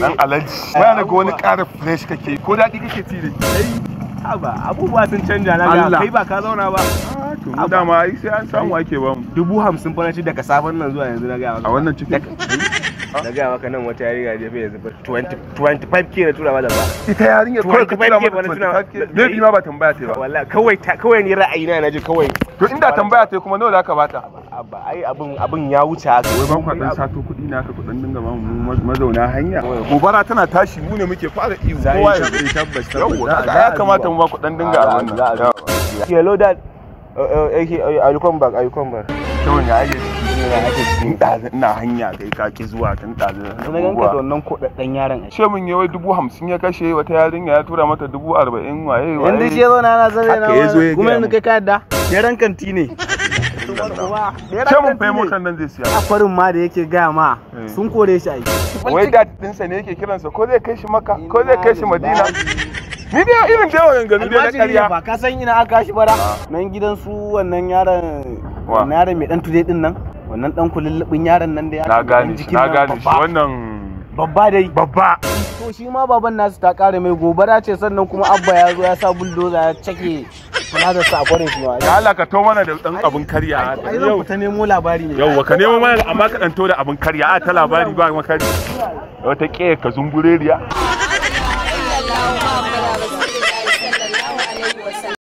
dan eh, alaji eh, wani ga wani ƙara fresh kake ko daɗi kake ci da haba abubuwa sun canja na ga kai ba ka zauna ba ah, to mu dama ai sai an samu ake ba mu dubu hamsin faranci daga sabon nan zuwa yanzu na gaya maka a wannan ciki? Hmm? na gaya maka nan wata yarinya je fa yanzu 25k na tura mata ba ita yarinya kawai ka tura da 25k bai ma ba tambaya sai ba wallahi kawai kawai ni ra'ayina na ji kawai to inda tambaya sai kuma nawa ka bata ba ai abin abin ya wuce haka wai ban kwadan sato kuɗi na ka kuɗin dinga ba mu mazauna hanya gobara tana tashi mu ne muke fara iyo kowa ya tabbas yawa ya kamata mu ba kuɗin dinga a wannan hello dad ayyukan bak ayyukan bak ta wani ake cikin ɗazu ina hanya kai kake zuwa tun ɗazu na ganka da wannan kuɗaɗɗen yaron a ce mun yawai dubu hamsin ya kashe wata yarinya ya tura mata dubu arba'in waye waye yanzu shi ya zo na ana zabe na kuma yanzu kai ka yadda yaran kanti ne illallah sai mun fai motar nan zai siya a farin ma da yake gaya ma eh. sun kore shi aiki wai da dinsa ne yake kiransa ko zai kai shi maka ko zai kai shi madina ni dai irin da yawan ganu dai na ƙarya ba ka san ina aka shi bara ah. nan gidan su wannan yaron wannan yaron mai dan tude din nan wannan dan kulullubin yaron nan da ya na gane shi na gane shi wannan babba dai babba to shi ma baban nasu ta kare mai gobara ce sannan kuma abba ya zo ya sa bulldozer ya cake na sa akwai shi ma da Allah ka to mana da dan abun karya yau ta nemo labari ne yau ka nemo mana amma ka dan to da abun karya a ta labari ba makari wata ke ka zumbureriya